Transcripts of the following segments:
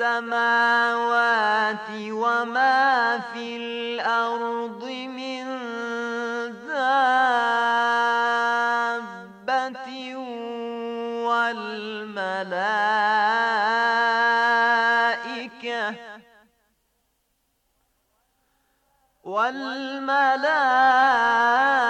السماوات وما في الأرض من دابة والملائكة والملائكة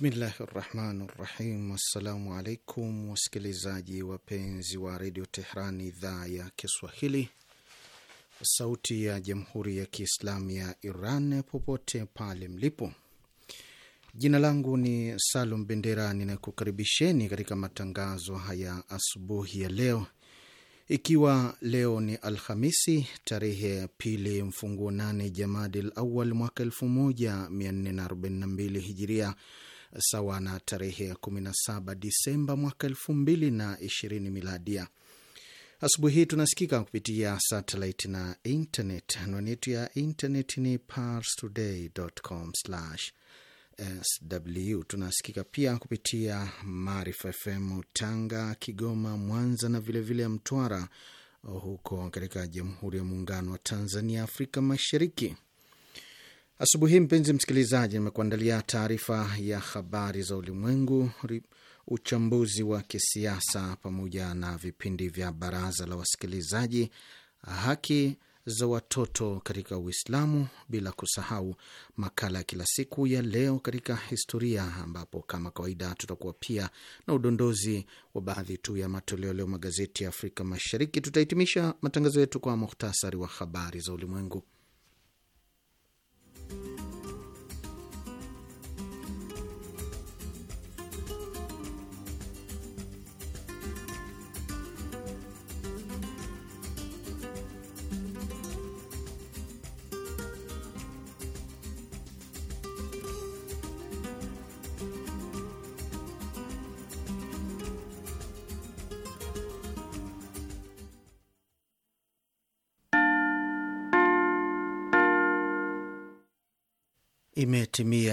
Bismillahi rahmani rahim. Assalamu alaikum wasikilizaji wapenzi wa redio Tehran, idhaa ya Kiswahili, sauti ya jamhuri ya kiislamu ya Iran, popote pale mlipo. Jina langu ni Salum Bendera, ninakukaribisheni katika matangazo haya asubuhi ya leo, ikiwa leo ni Alhamisi tarehe ya pili mfunguo nane Jamadil Awal mwaka 1442 hijiria sawa na tarehe 17 Disemba mwaka 2020 miladia. Asubuhi hii tunasikika kupitia satellite na internet. Anwani yetu ya internet ni parstoday.com/sw. Tunasikika pia kupitia Maarifa FM Tanga, Kigoma, Mwanza na vilevile vile Mtwara huko katika Jamhuri ya Muungano wa Tanzania, Afrika Mashariki. Asubuhi hii mpenzi msikilizaji, nimekuandalia taarifa ya habari za ulimwengu, uchambuzi wa kisiasa, pamoja na vipindi vya baraza la wasikilizaji, haki za watoto katika Uislamu, bila kusahau makala ya kila siku ya leo katika historia, ambapo kama kawaida tutakuwa pia na udondozi wa baadhi tu ya matoleo leo magazeti ya Afrika Mashariki. Tutahitimisha matangazo yetu kwa muhtasari wa habari za ulimwengu. thank you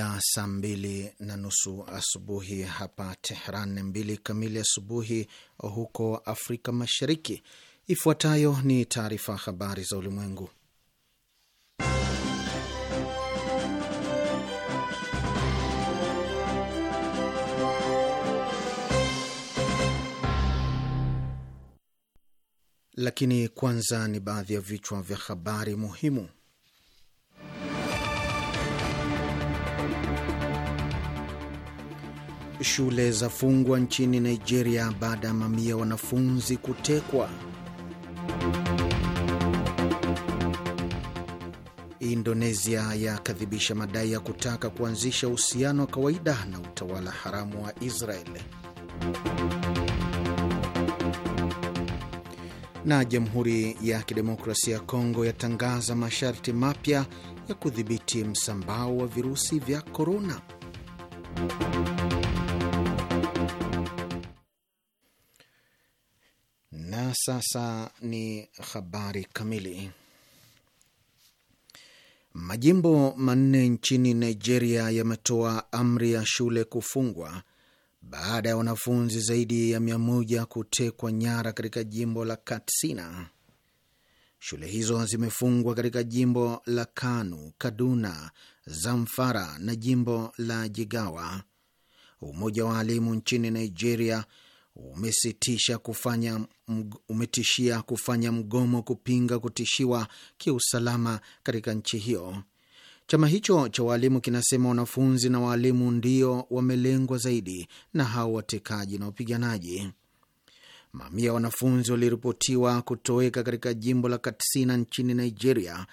Imetimia saa mbili na nusu asubuhi hapa Tehran, mbili kamili asubuhi huko Afrika Mashariki. Ifuatayo ni taarifa habari za ulimwengu, lakini kwanza ni baadhi ya vichwa vya habari muhimu. Shule za fungwa nchini Nigeria baada ya mamia wanafunzi kutekwa. Indonesia yakadhibisha madai ya kutaka kuanzisha uhusiano wa kawaida na utawala haramu wa Israeli. Na Jamhuri ya Kidemokrasia ya Kongo yatangaza masharti mapya ya kudhibiti msambao wa virusi vya korona. sasa ni habari kamili. Majimbo manne nchini Nigeria yametoa amri ya shule kufungwa baada ya wanafunzi zaidi ya mia moja kutekwa nyara katika jimbo la Katsina. Shule hizo zimefungwa katika jimbo la Kano, Kaduna, Zamfara na jimbo la Jigawa. Umoja wa Walimu nchini Nigeria umesitisha kufanya umetishia kufanya mgomo kupinga kutishiwa kiusalama katika nchi hiyo. Chama hicho cha waalimu kinasema wanafunzi na waalimu ndio wamelengwa zaidi na hao watekaji na wapiganaji. Mamia ya wanafunzi waliripotiwa kutoweka katika jimbo la Katsina nchini Nigeria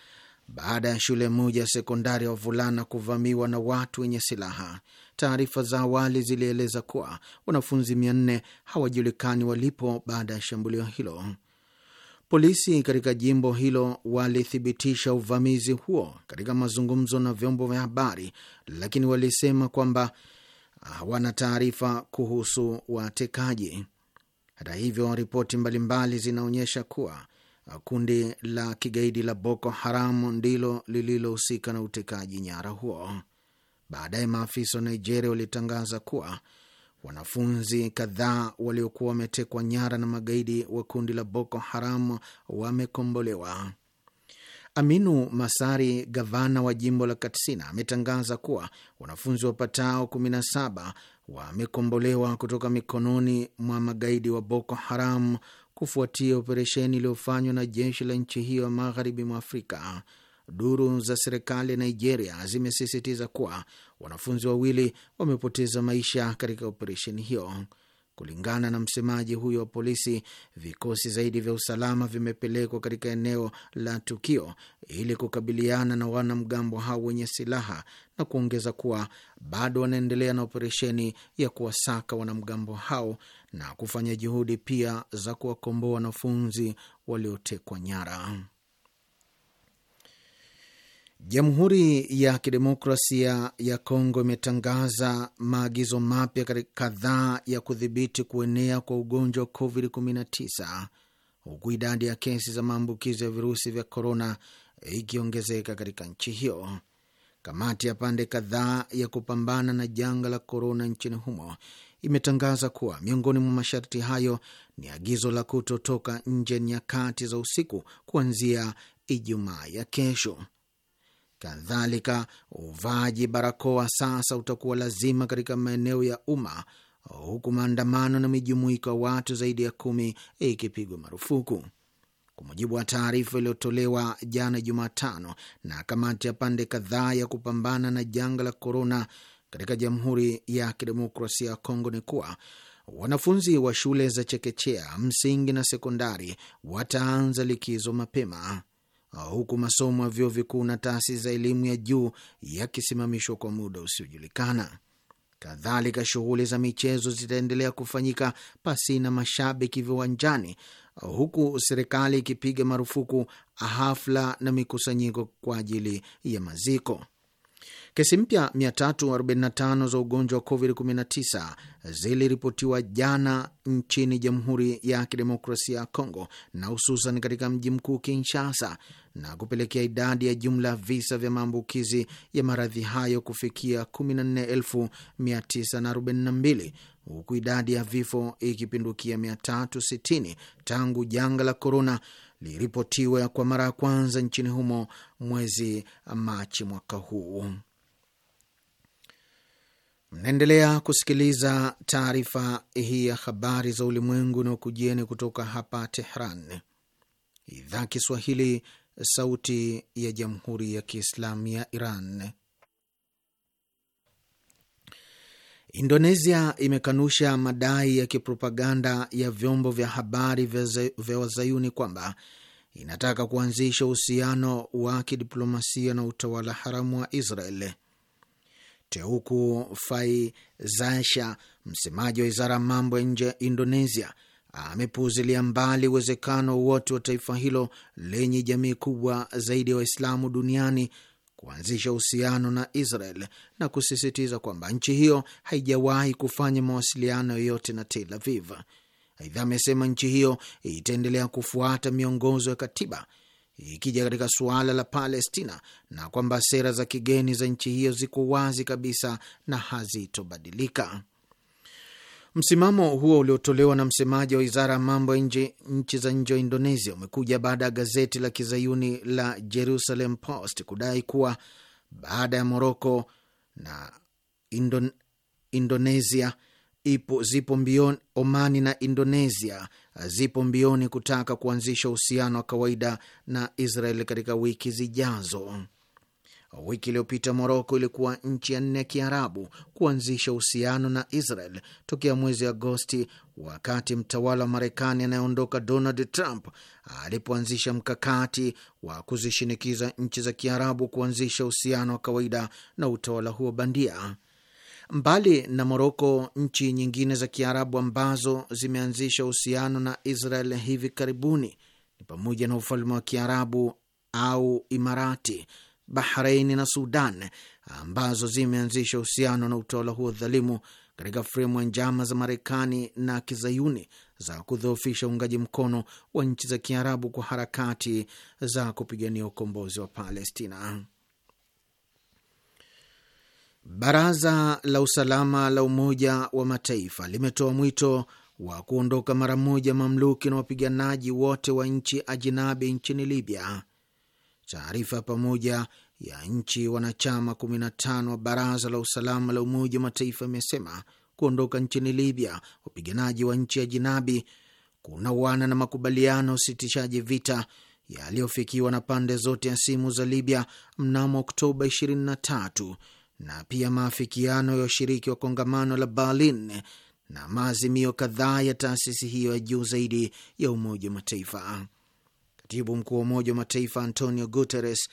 baada ya shule moja ya sekondari ya wavulana kuvamiwa na watu wenye silaha. Taarifa za awali zilieleza kuwa wanafunzi mia nne hawajulikani walipo baada ya shambulio hilo. Polisi katika jimbo hilo walithibitisha uvamizi huo katika mazungumzo na vyombo vya habari, lakini walisema kwamba hawana taarifa kuhusu watekaji. Hata hivyo, ripoti mbalimbali zinaonyesha kuwa kundi la kigaidi la Boko Haram ndilo lililohusika na utekaji nyara huo. Baadaye maafisa wa Nigeria walitangaza kuwa wanafunzi kadhaa waliokuwa wametekwa nyara na magaidi wa kundi la Boko Haram wamekombolewa. Aminu Masari, gavana wa jimbo la Katsina, ametangaza kuwa wanafunzi wapatao 17 wamekombolewa kutoka mikononi mwa magaidi wa Boko Haram kufuatia operesheni iliyofanywa na jeshi la nchi hiyo ya magharibi mwa Afrika Duru za serikali ya Nigeria zimesisitiza kuwa wanafunzi wawili wamepoteza maisha katika operesheni hiyo. Kulingana na msemaji huyo wa polisi, vikosi zaidi vya usalama vimepelekwa katika eneo la tukio ili kukabiliana na wanamgambo hao wenye silaha na kuongeza kuwa bado wanaendelea na operesheni ya kuwasaka wanamgambo hao na kufanya juhudi pia za kuwakomboa wanafunzi waliotekwa nyara. Jamhuri ya Kidemokrasia ya Kongo imetangaza maagizo mapya kadhaa ya kudhibiti kuenea kwa ugonjwa wa COVID-19 huku idadi ya kesi za maambukizo ya virusi vya korona ikiongezeka katika nchi hiyo. Kamati ya pande kadhaa ya kupambana na janga la korona nchini humo imetangaza kuwa miongoni mwa masharti hayo ni agizo la kutotoka nje nyakati za usiku kuanzia Ijumaa ya kesho. Kadhalika, uvaaji barakoa sasa utakuwa lazima katika maeneo ya umma, huku maandamano na mijumuiko ya watu zaidi ya kumi ikipigwa marufuku. Kwa mujibu wa taarifa iliyotolewa jana Jumatano na kamati ya pande kadhaa ya kupambana na janga la korona katika Jamhuri ya Kidemokrasia ya Kongo ni kuwa wanafunzi wa shule za chekechea, msingi na sekondari wataanza likizo mapema. Ah, huku masomo ya vyuo vikuu na taasisi za elimu ya juu yakisimamishwa kwa muda usiojulikana. Kadhalika, shughuli za michezo zitaendelea kufanyika pasina mashabiki viwanjani, huku serikali ikipiga marufuku hafla na mikusanyiko kwa ajili ya maziko. Kesi mpya 345 za ugonjwa wa COVID-19 ziliripotiwa jana nchini Jamhuri ya Kidemokrasia ya Kongo na hususan katika mji mkuu Kinshasa, na kupelekea idadi ya jumla visa vya maambukizi ya maradhi hayo kufikia 14942 huku idadi ya vifo ikipindukia 360 tangu janga la korona liripotiwa kwa mara ya kwanza nchini humo mwezi Machi mwaka huu. Mnaendelea kusikiliza taarifa hii ya habari za ulimwengu na ukujieni kutoka hapa Tehran, idhaa Kiswahili, sauti ya jamhuri ya kiislamu ya Iran. Indonesia imekanusha madai ya kipropaganda ya vyombo vya habari vya wazayuni kwamba inataka kuanzisha uhusiano wa kidiplomasia na utawala haramu wa Israel. Teuku Faizasha, msemaji wa wizara ya mambo ya nje ya Indonesia, amepuuzilia mbali uwezekano wote wa taifa hilo lenye jamii kubwa zaidi ya wa Waislamu duniani kuanzisha uhusiano na Israel na kusisitiza kwamba nchi hiyo haijawahi kufanya mawasiliano yoyote na Tel Aviv. Aidha amesema nchi hiyo itaendelea kufuata miongozo ya katiba ikija katika suala la Palestina na kwamba sera za kigeni za nchi hiyo ziko wazi kabisa na hazitobadilika. Msimamo huo uliotolewa na msemaji wa wizara ya mambo ya nchi za nje wa Indonesia umekuja baada ya gazeti la kizayuni la Jerusalem Post kudai kuwa baada ya Moroko na Indon Indonesia ipo zipo mbioni Omani na Indonesia zipo mbioni kutaka kuanzisha uhusiano wa kawaida na Israel katika wiki zijazo. Wiki iliyopita Moroko ilikuwa nchi ya nne ya Kiarabu kuanzisha uhusiano na Israel tokea mwezi Agosti, wakati mtawala wa Marekani anayeondoka Donald Trump alipoanzisha mkakati wa kuzishinikiza nchi za Kiarabu kuanzisha uhusiano wa kawaida na utawala huo bandia. Mbali na Moroko, nchi nyingine za Kiarabu ambazo zimeanzisha uhusiano na Israel hivi karibuni ni pamoja na ufalme wa Kiarabu au Imarati, Bahreini na Sudan, ambazo zimeanzisha uhusiano na utawala huo dhalimu katika fremu ya njama za Marekani na kizayuni za kudhoofisha uungaji mkono wa nchi za Kiarabu kwa harakati za kupigania ukombozi wa Palestina. Baraza la Usalama la Umoja wa Mataifa limetoa mwito wa kuondoka mara moja mamluki na wapiganaji wote wa nchi ajinabi nchini Libya. Taarifa pamoja ya nchi wanachama 15 wa Baraza la Usalama la Umoja wa Mataifa imesema kuondoka nchini Libya wapiganaji wa nchi ajinabi wana na makubaliano usitishaji vita yaliyofikiwa na pande zote ya simu za Libya mnamo Oktoba 23 na pia maafikiano ya ushiriki wa kongamano la Berlin na maazimio kadhaa ya taasisi hiyo ya juu zaidi ya Umoja wa Mataifa. Katibu mkuu wa Umoja wa Mataifa Antonio Guterres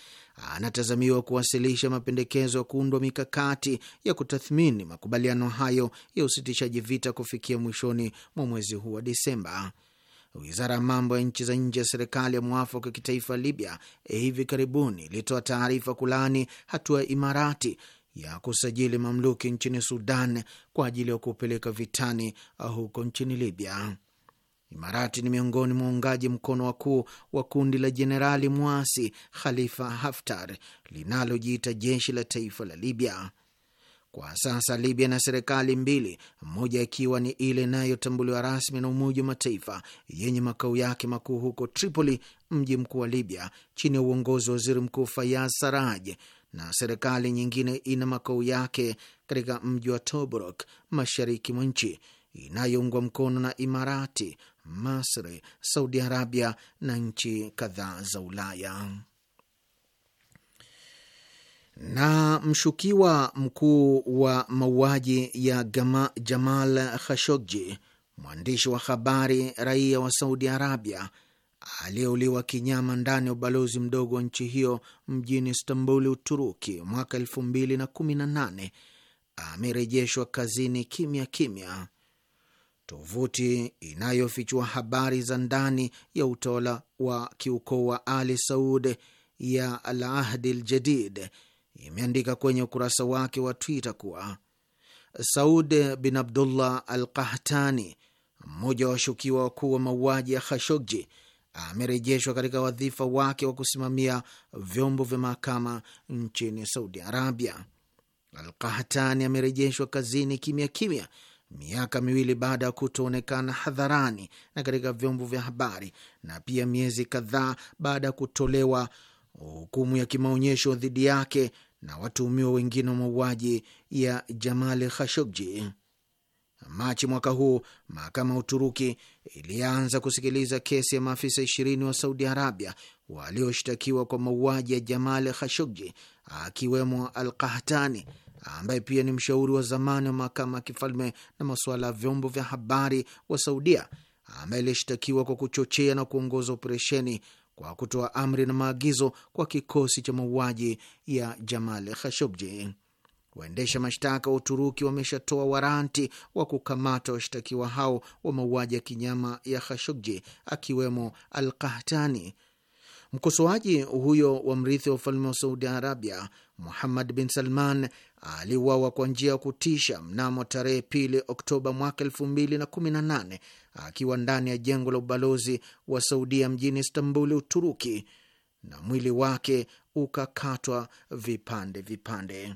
anatazamiwa kuwasilisha mapendekezo ya kuundwa mikakati ya kutathmini makubaliano hayo ya usitishaji vita kufikia mwishoni mwa mwezi huu wa Disemba. Wizara ya mambo ya nchi za nje ya serikali ya mwafaka kitaifa Libya eh, hivi karibuni ilitoa taarifa kulaani hatua ya Imarati ya kusajili mamluki nchini Sudan kwa ajili ya kupeleka vitani uh, huko nchini Libya. Imarati ni miongoni mwa uungaji mkono wakuu wa kundi la jenerali mwasi Khalifa Haftar linalojiita jeshi la taifa la Libya. Kwa sasa Libya na serikali mbili, moja ikiwa ni ile inayotambuliwa rasmi na Umoja wa Mataifa yenye makao yake makuu huko Tripoli, mji mkuu wa Libya, chini ya uongozi wa waziri mkuu Fayaz Saraj, na serikali nyingine ina makao yake katika mji wa Tobruk, mashariki mwa nchi inayoungwa mkono na Imarati, Masri, Saudi Arabia na nchi kadhaa za Ulaya. Na mshukiwa mkuu wa mauaji ya Gama, Jamal Khashoggi, mwandishi wa habari raia wa Saudi Arabia aliyeuliwa kinyama ndani ya ubalozi mdogo wa nchi hiyo mjini Istanbuli, Uturuki, mwaka elfu mbili na kumi na nane amerejeshwa kazini kimya kimya. Tovuti inayofichua habari za ndani ya utawala wa kiukoo wa Ali Saud ya Al Ahdi Ljadid imeandika kwenye ukurasa wake wa Twitter kuwa Saud bin Abdullah Al Qahtani, mmoja wa washukiwa wakuu wa mauaji ya Khashogji, amerejeshwa katika wadhifa wake wa kusimamia vyombo vya mahakama nchini Saudi Arabia. alkahtani amerejeshwa kazini kimya kimya miaka miwili baada ya kutoonekana hadharani na katika vyombo vya habari na pia miezi kadhaa baada ya kutolewa hukumu ya kimaonyesho dhidi yake na watuhumiwa wengine wa mauaji ya Jamal Khashoggi. Machi mwaka huu mahakama ya Uturuki ilianza kusikiliza kesi ya maafisa ishirini wa Saudi Arabia walioshtakiwa kwa mauaji ya Jamal Khashoggi, akiwemo Al Qahtani ambaye pia ni mshauri wa zamani wa mahakama ya kifalme na masuala ya vyombo vya habari wa Saudia, ambaye alishtakiwa kwa kuchochea na kuongoza operesheni kwa kutoa amri na maagizo kwa kikosi cha mauaji ya Jamal Khashoggi. Waendesha mashtaka wa Uturuki wameshatoa waranti wa kukamata washtakiwa hao wa mauaji ya kinyama ya Khashoggi, akiwemo Al Qahtani. Mkosoaji huyo wa mrithi wa ufalme wa Saudi Arabia, Muhammad bin Salman, aliuawa kwa njia ya kutisha mnamo tarehe pili Oktoba mwaka elfu mbili na kumi na nane akiwa ndani ya jengo la ubalozi wa Saudia mjini Istanbuli, Uturuki, na mwili wake ukakatwa vipande vipande.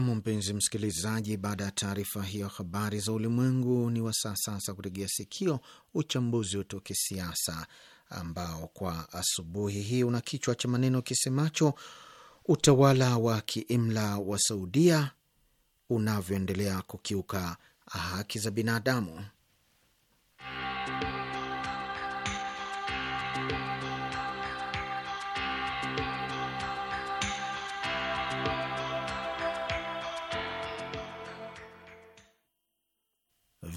Nam, mpenzi msikilizaji, baada ya taarifa hiyo habari za ulimwengu, ni wasaa sasa kutegea sikio uchambuzi wetu wa kisiasa ambao kwa asubuhi hii una kichwa cha maneno kisemacho utawala wa kiimla wa Saudia unavyoendelea kukiuka haki za binadamu.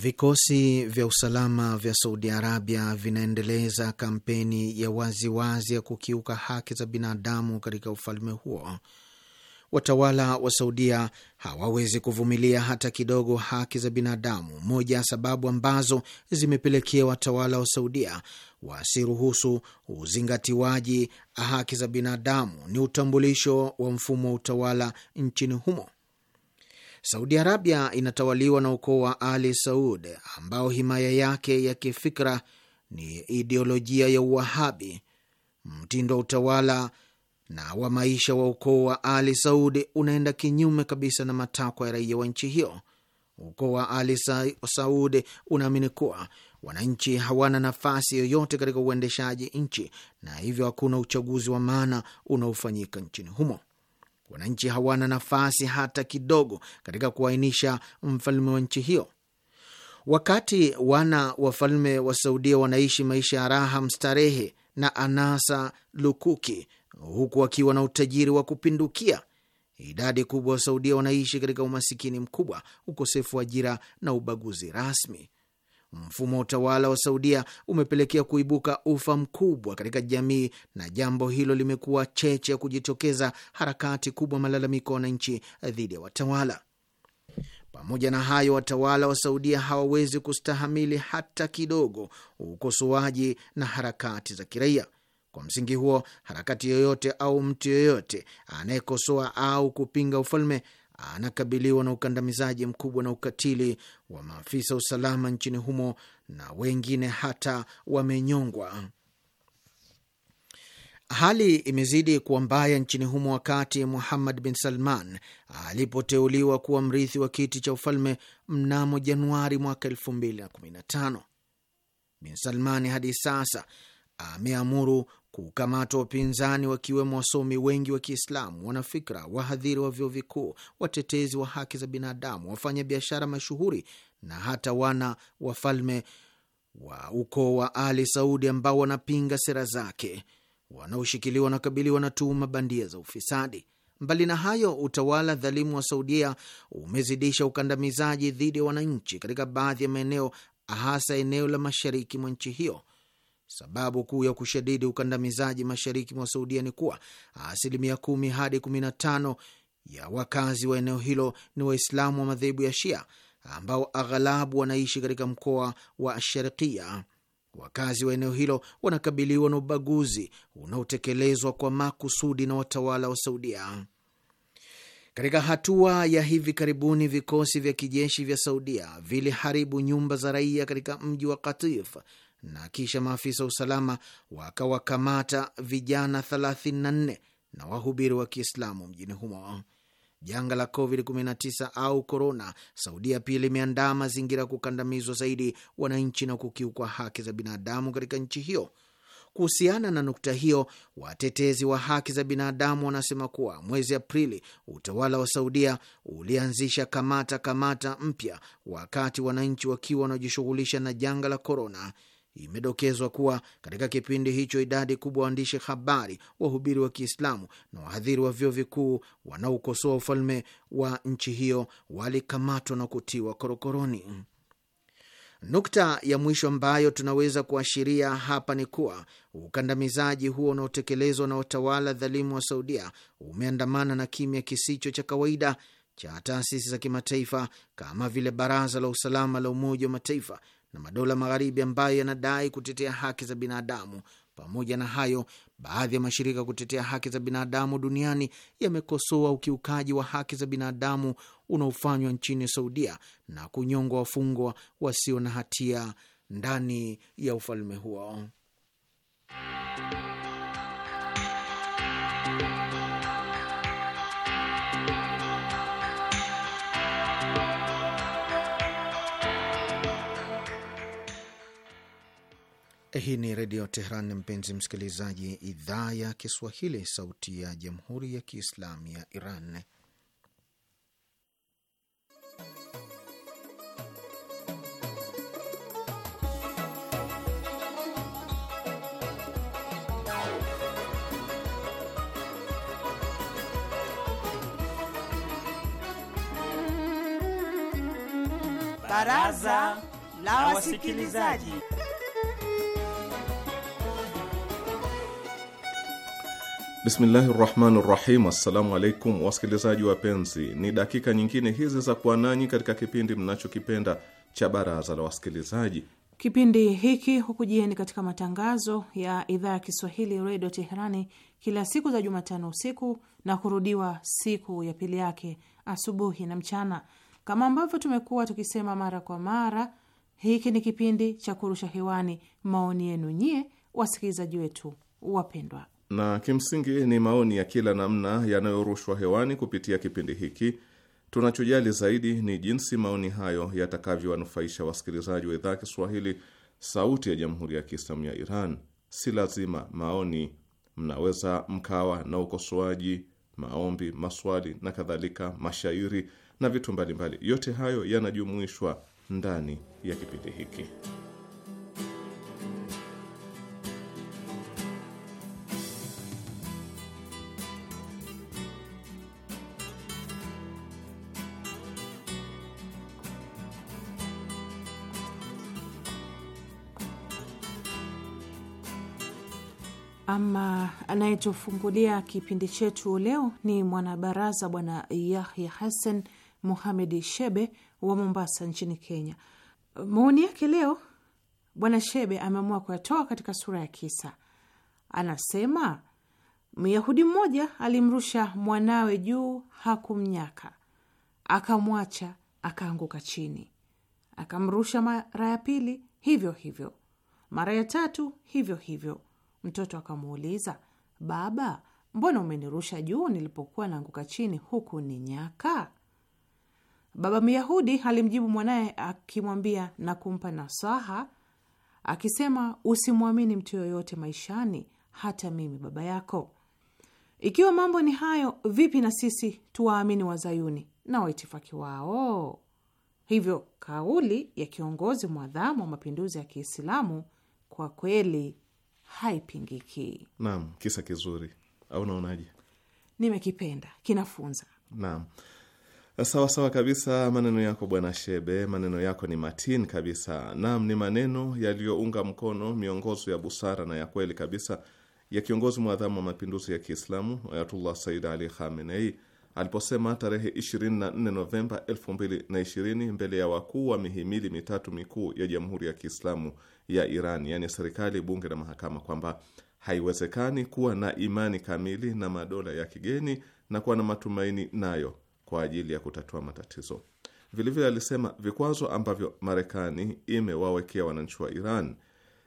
Vikosi vya usalama vya Saudi Arabia vinaendeleza kampeni ya waziwazi wazi ya kukiuka haki za binadamu katika ufalme huo. Watawala wa Saudia hawawezi kuvumilia hata kidogo haki za binadamu. Moja ya sababu ambazo zimepelekea watawala wa Saudia wasiruhusu uzingatiwaji haki za binadamu ni utambulisho wa mfumo wa utawala nchini humo Saudi Arabia inatawaliwa na ukoo wa Ali Saud ambao himaya yake ya kifikra ni ideolojia ya Uwahabi. Mtindo wa utawala na wa maisha wa ukoo wa Ali Saud unaenda kinyume kabisa na matakwa ya raia wa nchi hiyo. Ukoo wa Ali Saud unaamini kuwa wananchi hawana nafasi yoyote katika uendeshaji nchi na hivyo hakuna uchaguzi wa maana unaofanyika nchini humo wananchi hawana nafasi hata kidogo katika kuainisha mfalme wa nchi hiyo. Wakati wana wafalme wa Saudia wanaishi maisha ya raha mstarehe na anasa lukuki, huku wakiwa na utajiri wa kupindukia, idadi kubwa wa Saudia wanaishi katika umasikini mkubwa, ukosefu wa ajira na ubaguzi rasmi. Mfumo wa utawala wa Saudia umepelekea kuibuka ufa mkubwa katika jamii, na jambo hilo limekuwa cheche ya kujitokeza harakati kubwa malalamiko ya wananchi dhidi ya watawala. Pamoja na hayo, watawala wa Saudia hawawezi kustahamili hata kidogo ukosoaji na harakati za kiraia. Kwa msingi huo, harakati yoyote au mtu yoyote anayekosoa au kupinga ufalme anakabiliwa na ukandamizaji mkubwa na ukatili wa maafisa usalama nchini humo na wengine hata wamenyongwa. Hali imezidi kuwa mbaya nchini humo wakati Muhammad bin Salman alipoteuliwa kuwa mrithi wa kiti cha ufalme mnamo Januari mwaka 2015. Bin Salmani hadi sasa ameamuru kukamatwa wapinzani wakiwemo wasomi wengi wa Kiislamu, wanafikra, wahadhiri wa vyuo vikuu, watetezi wa haki za binadamu, wafanya biashara mashuhuri na hata wana wafalme wa ukoo wa Ali Saudi ambao wanapinga sera zake, wanaoshikiliwa wanakabiliwa na tuhuma bandia za ufisadi. Mbali na hayo, utawala dhalimu wa Saudia umezidisha ukandamizaji dhidi ya wananchi katika baadhi ya maeneo, hasa eneo la mashariki mwa nchi hiyo Sababu kuu ya kushadidi ukandamizaji mashariki mwa Saudia ni kuwa asilimia kumi hadi kumi na tano ya wakazi wa eneo hilo ni Waislamu wa madhehebu ya Shia ambao aghalabu wanaishi katika mkoa wa Sharkia. Wakazi wa eneo hilo wanakabiliwa na ubaguzi unaotekelezwa kwa makusudi na watawala wa Saudia. Katika hatua ya hivi karibuni, vikosi vya kijeshi vya Saudia viliharibu nyumba za raia katika mji wa Katif na kisha maafisa wa usalama wakawakamata vijana 34 na wahubiri wa Kiislamu mjini humo. Janga la COVID-19 au korona, Saudia pia limeandaa mazingira ya kukandamizwa zaidi wananchi na kukiukwa haki za binadamu katika nchi hiyo. Kuhusiana na nukta hiyo, watetezi wa haki za binadamu wanasema kuwa mwezi Aprili utawala wa Saudia ulianzisha kamata kamata mpya wakati wananchi wakiwa wanajishughulisha na janga la korona. Imedokezwa kuwa katika kipindi hicho idadi kubwa waandishi habari, wahubiri wa Kiislamu na wahadhiri wa vyuo vikuu wanaokosoa ufalme wa nchi hiyo walikamatwa na kutiwa korokoroni. Nukta ya mwisho ambayo tunaweza kuashiria hapa ni kuwa ukandamizaji huo unaotekelezwa na utawala dhalimu wa Saudia umeandamana na kimya kisicho cha kawaida cha taasisi za kimataifa kama vile Baraza la Usalama la Umoja wa Mataifa na madola magharibi ambayo yanadai kutetea haki za binadamu. Pamoja na hayo, baadhi ya mashirika kutetea haki za binadamu duniani yamekosoa ukiukaji wa haki za binadamu unaofanywa nchini Saudia na kunyongwa wafungwa wasio na hatia ndani ya ufalme huo. Hii ni Redio Tehran, mpenzi msikilizaji, idhaa ya Kiswahili, sauti ya Jamhuri ya Kiislamu ya Iran. Baraza la Wasikilizaji. Bismillahi rahmani rahim. Assalamu alaikum wasikilizaji wapenzi, ni dakika nyingine hizi za kuwa nanyi katika kipindi mnachokipenda cha baraza la wasikilizaji. Kipindi hiki hukujieni katika matangazo ya idhaa ya Kiswahili redio Teherani kila siku za Jumatano usiku na kurudiwa siku ya pili yake asubuhi na mchana. Kama ambavyo tumekuwa tukisema mara kwa mara, hiki ni kipindi cha kurusha hewani maoni yenu nyie wasikilizaji wetu wapendwa na kimsingi ni maoni ya kila namna yanayorushwa hewani kupitia kipindi hiki. Tunachojali zaidi ni jinsi maoni hayo yatakavyowanufaisha wasikilizaji wa idhaa Kiswahili Sauti ya Jamhuri ya Kiislamu ya Iran. Si lazima maoni, mnaweza mkawa na ukosoaji, maombi, maswali na kadhalika, mashairi na vitu mbalimbali mbali. Yote hayo yanajumuishwa ndani ya kipindi hiki. Ama anayetufungulia kipindi chetu leo ni mwanabaraza Bwana Yahya Hassan Muhamedi Shebe wa Mombasa nchini Kenya. Maoni yake leo, Bwana Shebe ameamua kuyatoa katika sura ya kisa. Anasema Myahudi mmoja alimrusha mwanawe juu, hakumnyaka, akamwacha akaanguka chini. Akamrusha mara ya pili, hivyo hivyo, mara ya tatu, hivyo hivyo. Mtoto akamuuliza, baba, mbona umenirusha juu nilipokuwa naanguka chini huku ni nyaka? Baba Myahudi alimjibu mwanaye akimwambia na kumpa nasaha akisema, usimwamini mtu yoyote maishani, hata mimi baba yako. Ikiwa mambo ni hayo, vipi na sisi tuwaamini wazayuni na waitifaki wao? Hivyo kauli ya kiongozi mwadhamu wa mapinduzi ya Kiislamu kwa kweli haipingiki. Naam, kisa kizuri au unaonaje? Nimekipenda, kinafunza. Naam. Sawa sawa kabisa, maneno yako Bwana Shebe, maneno yako ni matini kabisa. Naam, ni maneno yaliyounga mkono miongozo ya busara na ya kweli kabisa ya kiongozi mwadhamu wa mapinduzi ya Kiislamu Ayatullah Said Ali Khamenei aliposema tarehe 24 Novemba 2020 mbele ya wakuu wa mihimili mitatu mikuu ya Jamhuri ya Kiislamu ya Iran, yaani serikali, bunge na mahakama, kwamba haiwezekani kuwa na imani kamili na madola ya kigeni na kuwa na matumaini nayo kwa ajili ya kutatua matatizo. Vilevile alisema vikwazo ambavyo Marekani imewawekea wananchi wa Iran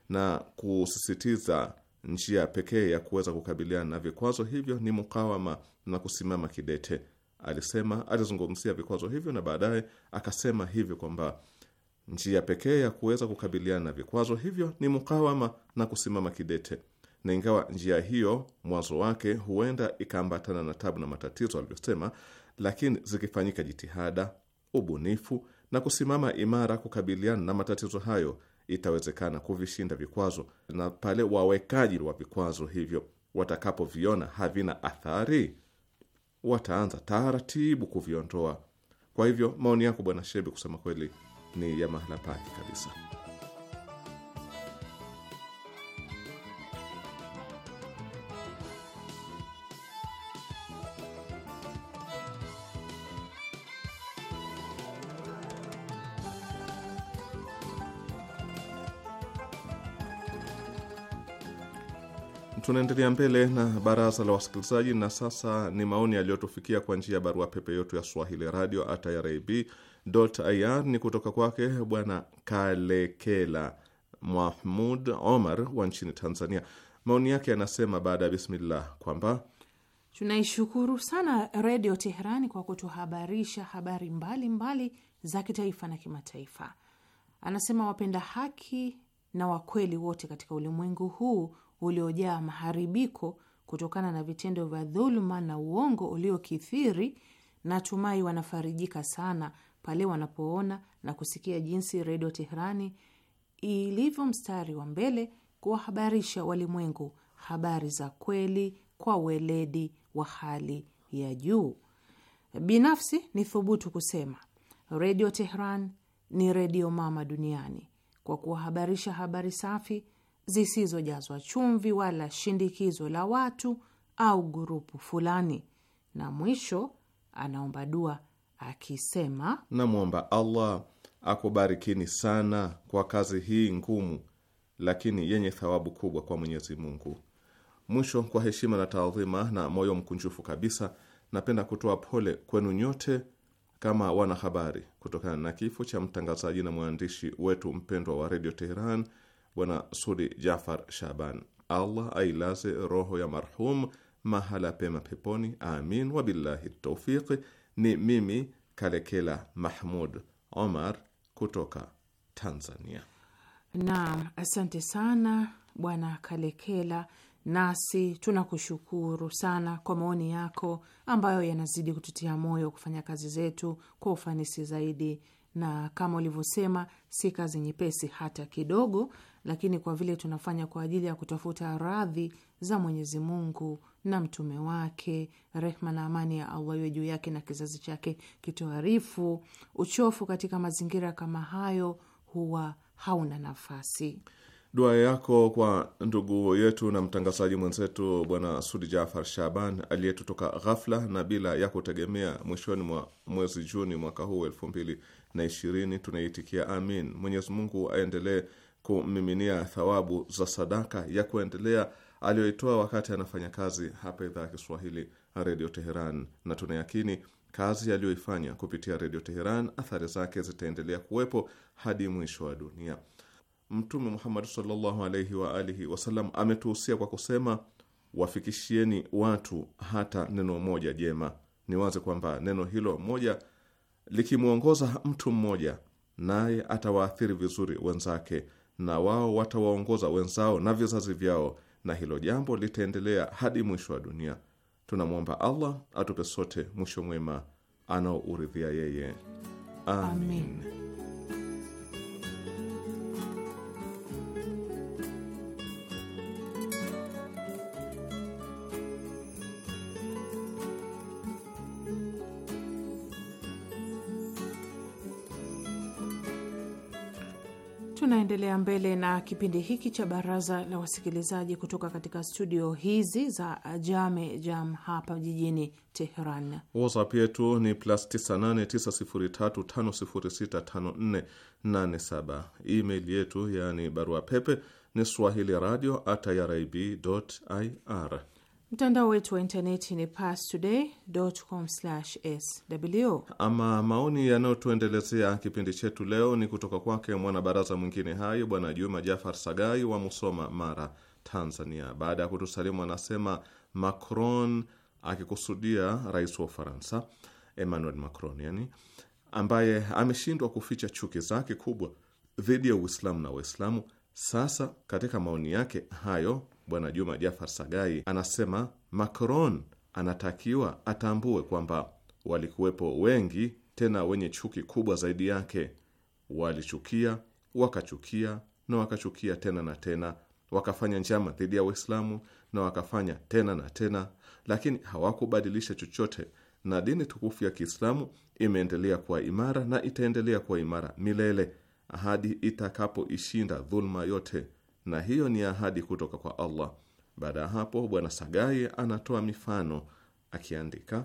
na kusisitiza njia pekee ya kuweza kukabiliana na vikwazo hivyo ni mukawama na kusimama kidete. Alisema alizungumzia vikwazo hivyo na baadaye akasema hivi kwamba Njia pekee ya kuweza kukabiliana na vikwazo hivyo ni mukawama na kusimama kidete, na ingawa njia hiyo mwanzo wake huenda ikaambatana na tabu na matatizo alivyosema lakini zikifanyika jitihada, ubunifu na kusimama imara kukabiliana na matatizo hayo, itawezekana kuvishinda vikwazo, na pale wawekaji wa vikwazo hivyo watakapoviona havina athari, wataanza taratibu kuviondoa. Kwa hivyo maoni yako Bwana Shebi, kusema kweli ni ya mahala pake kabisa. Tunaendelea mbele na baraza la wasikilizaji, na sasa ni maoni yaliyotufikia kwa njia ya barua pepe yetu ya swahili radio at irib ir ni kutoka kwake bwana Kalekela Mahmud Omar wa nchini Tanzania. Maoni yake yanasema baada ya bismillah kwamba tunaishukuru sana Redio Teherani kwa kutuhabarisha habari mbalimbali mbali za kitaifa na kimataifa. Anasema wapenda haki na wakweli wote katika ulimwengu huu uliojaa maharibiko kutokana na vitendo vya dhuluma na uongo uliokithiri, natumai wanafarijika sana pale wanapoona na kusikia jinsi Redio Teherani ilivyo mstari wa mbele kuwahabarisha walimwengu habari za kweli kwa weledi wa hali ya juu. Binafsi ni thubutu kusema Redio Tehran ni redio mama duniani kwa kuwahabarisha habari safi zisizojazwa chumvi wala shindikizo la watu au gurupu fulani. Na mwisho anaomba dua akisema, namwomba Allah akubarikini sana kwa kazi hii ngumu, lakini yenye thawabu kubwa kwa Mwenyezi Mungu. Mwisho, kwa heshima na taadhima na moyo mkunjufu kabisa, napenda kutoa pole kwenu nyote kama wanahabari kutokana na kifo cha mtangazaji na mwandishi wetu mpendwa wa redio Teheran, Bwana Sudi Jafar Shaban. Allah ailaze roho ya marhum mahala pema peponi, amin. Wabillahi taufiqi. Ni mimi Kalekela Mahmud Omar kutoka Tanzania. Naam, asante sana Bwana Kalekela, nasi tunakushukuru sana kwa maoni yako ambayo yanazidi kututia moyo kufanya kazi zetu kwa ufanisi zaidi, na kama ulivyosema, si kazi nyepesi hata kidogo, lakini kwa vile tunafanya kwa ajili ya kutafuta radhi za Mwenyezi Mungu na mtume wake, rehma na amani ya Allah iwe juu yake na kizazi chake kitoharifu. Uchofu katika mazingira kama hayo huwa hauna nafasi. Dua yako kwa ndugu yetu na mtangazaji mwenzetu Bwana Sudi Jafar Shaban aliyetutoka ghafla na bila ya kutegemea mwishoni mwa mwezi Juni mwaka huu elfu mbili na ishirini tunaitikia amin. Mwenyezi Mungu aendelee kumiminia thawabu za sadaka ya kuendelea aliyoitoa wakati anafanya kazi hapa idhaa ya Kiswahili Redio Teheran, na tunayakini kazi aliyoifanya kupitia Redio Teheran, athari zake zitaendelea kuwepo hadi mwisho wa dunia. Mtume Muhammad sallallahu alaihi wa alihi wasallam ametuhusia kwa kusema, wafikishieni watu hata neno moja jema. Ni wazi kwamba neno hilo moja likimwongoza mtu mmoja, naye atawaathiri vizuri wenzake, na wao watawaongoza wenzao na vizazi vyao na hilo jambo litaendelea hadi mwisho wa dunia. Tunamwomba Allah atupe sote mwisho mwema anaouridhia yeye. Amin, amin. Tunaendelea mbele na kipindi hiki cha baraza la wasikilizaji kutoka katika studio hizi za Jame Jam hapa jijini Teheran. WhatsApp yetu ni plus 989035065487. Email yetu yaani barua pepe ni swahili radio at irib ir Mtandao wetu wa intaneti ni parstoday.com/sw. Ama maoni yanayotuendelezea kipindi chetu leo ni kutoka kwake mwanabaraza mwingine hayo, Bwana Juma Jafar Sagai wa Musoma, Mara, Tanzania. Baada ya kutusalimu, anasema Macron akikusudia rais wa Ufaransa Emmanuel Macron yani, ambaye ameshindwa kuficha chuki zake kubwa dhidi ya Uislamu na Waislamu. Sasa katika maoni yake hayo Bwana Juma Jafar Sagai anasema Macron anatakiwa atambue kwamba walikuwepo wengi tena wenye chuki kubwa zaidi yake. Walichukia, wakachukia na wakachukia tena na tena, wakafanya njama dhidi ya Waislamu na wakafanya tena na tena, lakini hawakubadilisha chochote, na dini tukufu ya Kiislamu imeendelea kuwa imara na itaendelea kuwa imara milele hadi itakapoishinda dhuluma yote na hiyo ni ahadi kutoka kwa Allah. Baada ya hapo, Bwana Sagai anatoa mifano akiandika,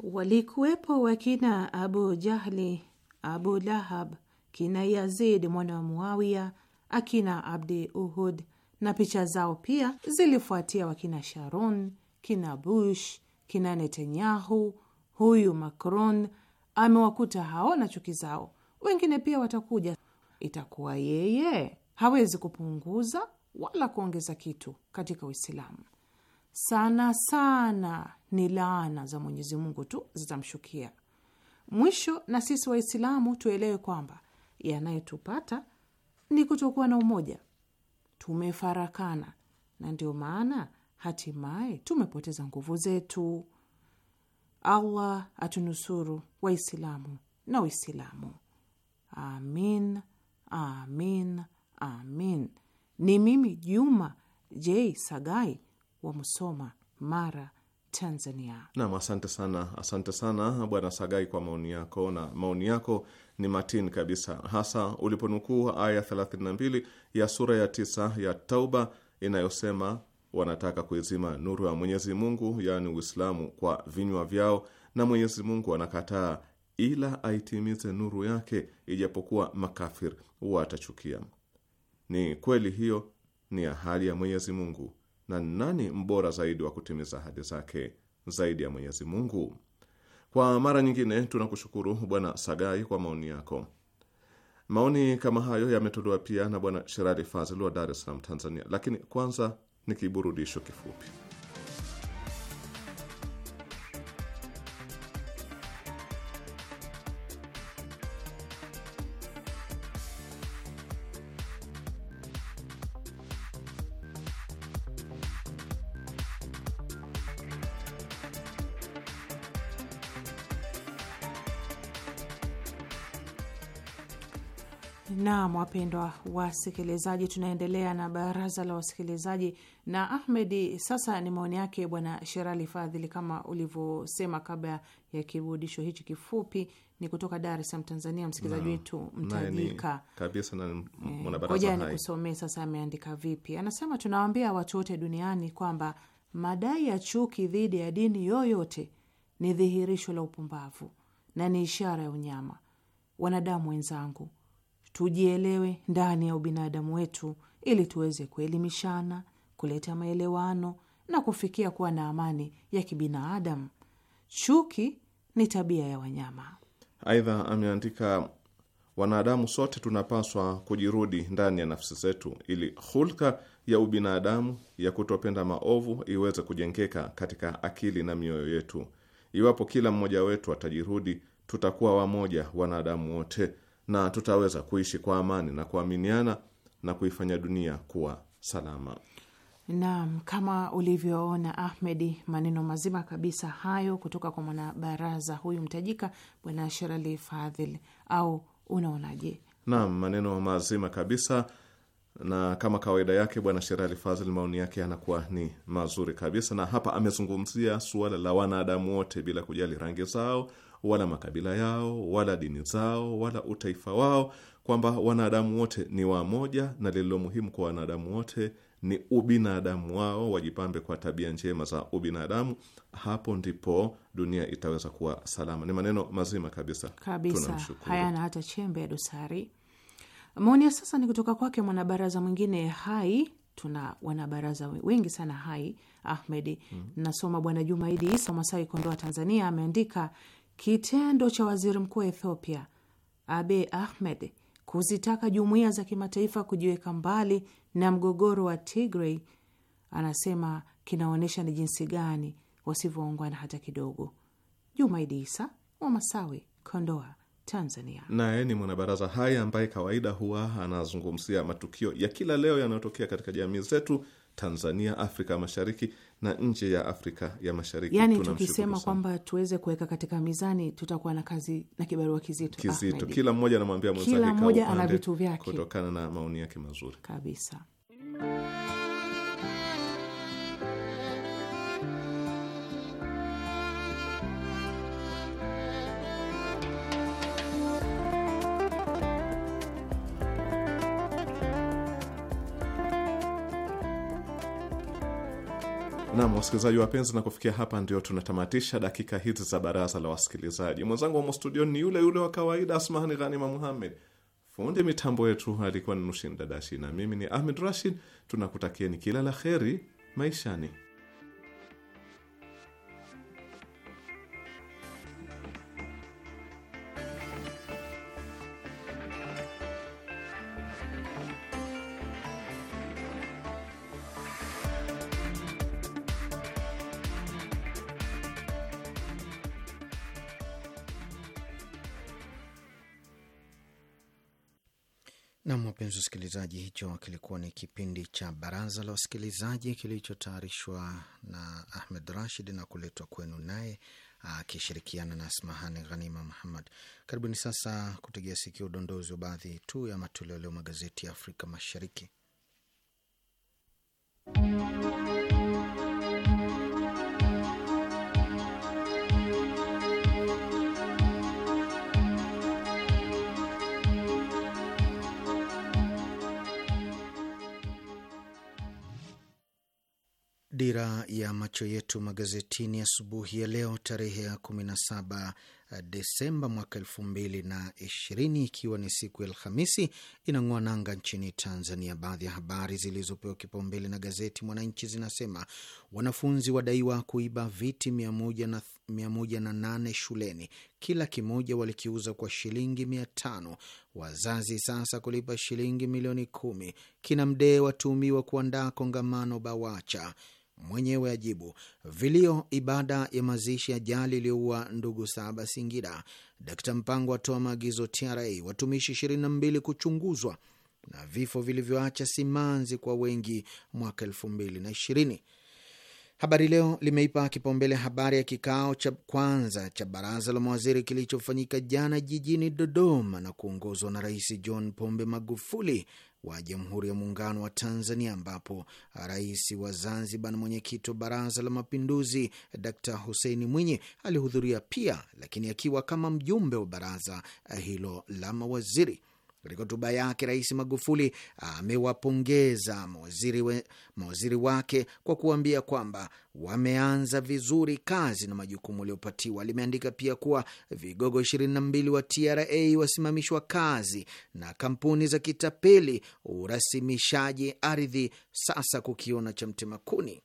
walikuwepo wakina Abu Jahli, Abu Lahab, kina Yazid mwana wa Muawiya, akina Abdi Uhud na picha zao pia zilifuatia wakina Sharon, kina Bush, kina Netanyahu, huyu Macron amewakuta hao na chuki zao. Wengine pia watakuja, itakuwa yeye hawezi kupunguza wala kuongeza kitu katika Uislamu. Sana sana ni laana za Mwenyezi Mungu tu zitamshukia. Mwisho, na sisi Waislamu tuelewe kwamba yanayotupata ni kutokuwa na umoja. Tumefarakana na ndio maana hatimaye tumepoteza nguvu zetu. Allah atunusuru Waislamu na Uislamu. Amin, amin. Amin. Ni mimi Juma J Sagai wa Musoma, Mara, Tanzania. Nam, asante sana, asante sana Bwana Sagai kwa maoni yako, na maoni yako ni matini kabisa, hasa uliponukuu aya 32 ya sura ya tisa ya Tauba inayosema wanataka kuizima nuru ya Mwenyezi Mungu, yaani Uislamu, kwa vinywa vyao na Mwenyezi Mungu anakataa ila aitimize nuru yake, ijapokuwa makafir watachukia. Ni kweli hiyo ni ahadi ya Mwenyezi Mungu, na nani mbora zaidi wa kutimiza ahadi zake zaidi ya Mwenyezi Mungu? Kwa mara nyingine tunakushukuru Bwana Sagai kwa maoni yako. Maoni kama hayo yametolewa pia na Bwana Sherali Fazil wa Dar es Salaam, Tanzania, lakini kwanza ni kiburudisho kifupi. wapendwa wasikilizaji, tunaendelea na baraza la wasikilizaji na Ahmedi. Sasa ni maoni yake bwana Sherali Fadhili, kama ulivyosema kabla ya kiburudisho hichi kifupi, ni kutoka Dar es Salaam, Tanzania, msikilizaji wetu mtajika kabisa na eh, mwanabaraza. Nikusomee sasa, ameandika vipi? Anasema, tunawaambia watu wote duniani kwamba madai ya chuki dhidi ya dini yoyote ni dhihirisho la upumbavu na ni ishara ya unyama. Wanadamu wenzangu tujielewe ndani ya ubinadamu wetu ili tuweze kuelimishana, kuleta maelewano na kufikia kuwa na amani ya kibinadamu. Chuki ni tabia ya wanyama. Aidha ameandika, wanadamu sote tunapaswa kujirudi ndani ya nafsi zetu ili hulka ya ubinadamu ya kutopenda maovu iweze kujengeka katika akili na mioyo yetu. Iwapo kila mmoja wetu atajirudi, tutakuwa wamoja wanadamu wote na tutaweza kuishi kwa amani na kuaminiana na kuifanya dunia kuwa salama. Naam, kama ulivyoona Ahmedi, maneno mazima kabisa hayo kutoka kwa mwanabaraza huyu mtajika Bwana Sherali Fadhil, au unaonaje? Naam, maneno mazima kabisa, na kama kawaida yake Bwana Sherali Fadhil maoni yake yanakuwa ni mazuri kabisa, na hapa amezungumzia suala la wanadamu wote bila kujali rangi zao wala makabila yao wala dini zao wala utaifa wao, kwamba wanadamu wote ni wamoja na lililo muhimu kwa wanadamu wote ni ubinadamu wao, wajipambe kwa tabia njema za ubinadamu. Hapo ndipo dunia itaweza kuwa salama. Ni maneno mazima kabisa kabisa, hayana hata chembe ya dosari. Maoni ya sasa ni kutoka kwake mwanabaraza mwingine hai. Tuna wanabaraza wengi sana hai Ahmedi. mm -hmm. Nasoma Bwana Jumaidi Isa Masai, Kondoa, Tanzania, ameandika Kitendo cha waziri mkuu wa Ethiopia Abiy Ahmed kuzitaka jumuiya za kimataifa kujiweka mbali na mgogoro wa Tigray, anasema kinaonyesha ni jinsi gani wasivyoungwana hata kidogo. Jumaidi Isa wa Masawi, Kondoa, Tanzania. Naye ni mwanabaraza hai ambaye kawaida huwa anazungumzia matukio ya kila leo yanayotokea katika jamii zetu Tanzania, Afrika Mashariki na nje ya Afrika ya Mashariki. Yani tukisema kwamba tuweze kuweka katika mizani, tutakuwa na kazi na kibarua kizito kizito. Kila mmoja anamwambia mwenzake, kila mmoja ana vitu vyake, kutokana na maoni yake mazuri kabisa. wasikilizaji wapenzi, na kufikia hapa ndio tunatamatisha dakika hizi za baraza la wasikilizaji. Mwenzangu wa studioni ni yule yule wa kawaida, Asmahani Ghanima Muhammed. Fundi mitambo yetu alikuwa ni Nushin Dadashi, na mimi ni Ahmed Rashid. Tunakutakieni kila la kheri maishani. Nam, wapenzi wasikilizaji, hicho kilikuwa ni kipindi cha baraza la wasikilizaji kilichotayarishwa na Ahmed Rashid na kuletwa kwenu naye akishirikiana na Asmahani Ghanima Muhammad. Karibuni sasa kutegea sikia udondozi wa baadhi tu ya matoleo leo magazeti ya Afrika Mashariki. Dira ya macho yetu magazetini asubuhi ya, ya leo tarehe ya 17 eh, Desemba mwaka elfu mbili na ishirini ikiwa ni siku ya Alhamisi inang'oa nanga nchini Tanzania. Baadhi ya habari zilizopewa kipaumbele na gazeti Mwananchi zinasema wanafunzi wadaiwa kuiba viti mia na na shuleni, kila kimoja walikiuza kwa shilingi mia tano. Wazazi sasa kulipa shilingi milioni kumi. Kina Mdee watuhumiwa kuandaa kongamano BAWACHA mwenyewe ajibu: vilio ibada ya mazishi ajali iliyoua ndugu saba Singida. Dkt Mpango atoa maagizo TRA watumishi mbili kuchunguzwa na vifo vilivyoacha simanzi kwa wengi mwaka ishirini. Habari Leo limeipa kipaumbele habari ya kikao cha kwanza cha baraza la mawaziri kilichofanyika jana jijini Dodoma na kuongozwa na Rais John Pombe Magufuli wa Jamhuri ya Muungano wa Tanzania, ambapo rais wa Zanzibar na mwenyekiti wa Baraza la Mapinduzi Dkt Huseini Mwinyi alihudhuria pia, lakini akiwa kama mjumbe wa baraza hilo la mawaziri. Katika hotuba yake, Rais Magufuli amewapongeza mawaziri, we, mawaziri wake kwa kuambia kwamba wameanza vizuri kazi na majukumu waliopatiwa. Limeandika pia kuwa vigogo 22 wa TRA wasimamishwa kazi na kampuni za kitapeli urasimishaji ardhi sasa kukiona cha mtemakuni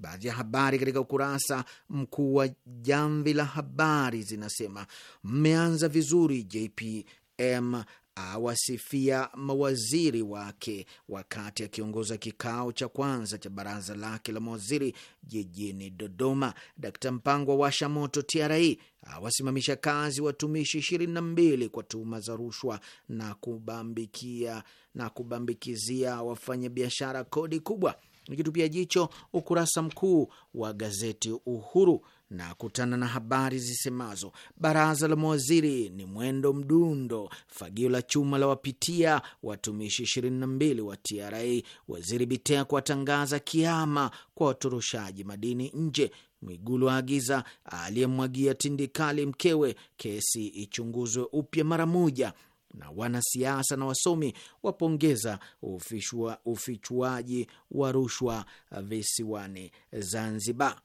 Baadhi ya habari katika ukurasa mkuu wa Jamvi la Habari zinasema mmeanza vizuri JPM awasifia mawaziri wake wakati akiongoza kikao cha kwanza cha baraza lake la mawaziri jijini Dodoma. Dkt Mpango awasha moto TRA, awasimamisha kazi watumishi ishirini na mbili kwa tuhuma za rushwa na kubambikia na kubambikizia wafanyabiashara kodi kubwa. Nikitupia jicho ukurasa mkuu wa gazeti Uhuru na kutana na habari zisemazo baraza la mawaziri ni mwendo mdundo, fagio la chuma la wapitia watumishi ishirini na mbili wa TRA, waziri Biteko atangaza kiama kwa watoroshaji madini nje, Mwigulu aagiza aliyemwagia tindikali mkewe kesi ichunguzwe upya mara moja, na wanasiasa na wasomi wapongeza ufichuaji wa rushwa visiwani Zanzibar.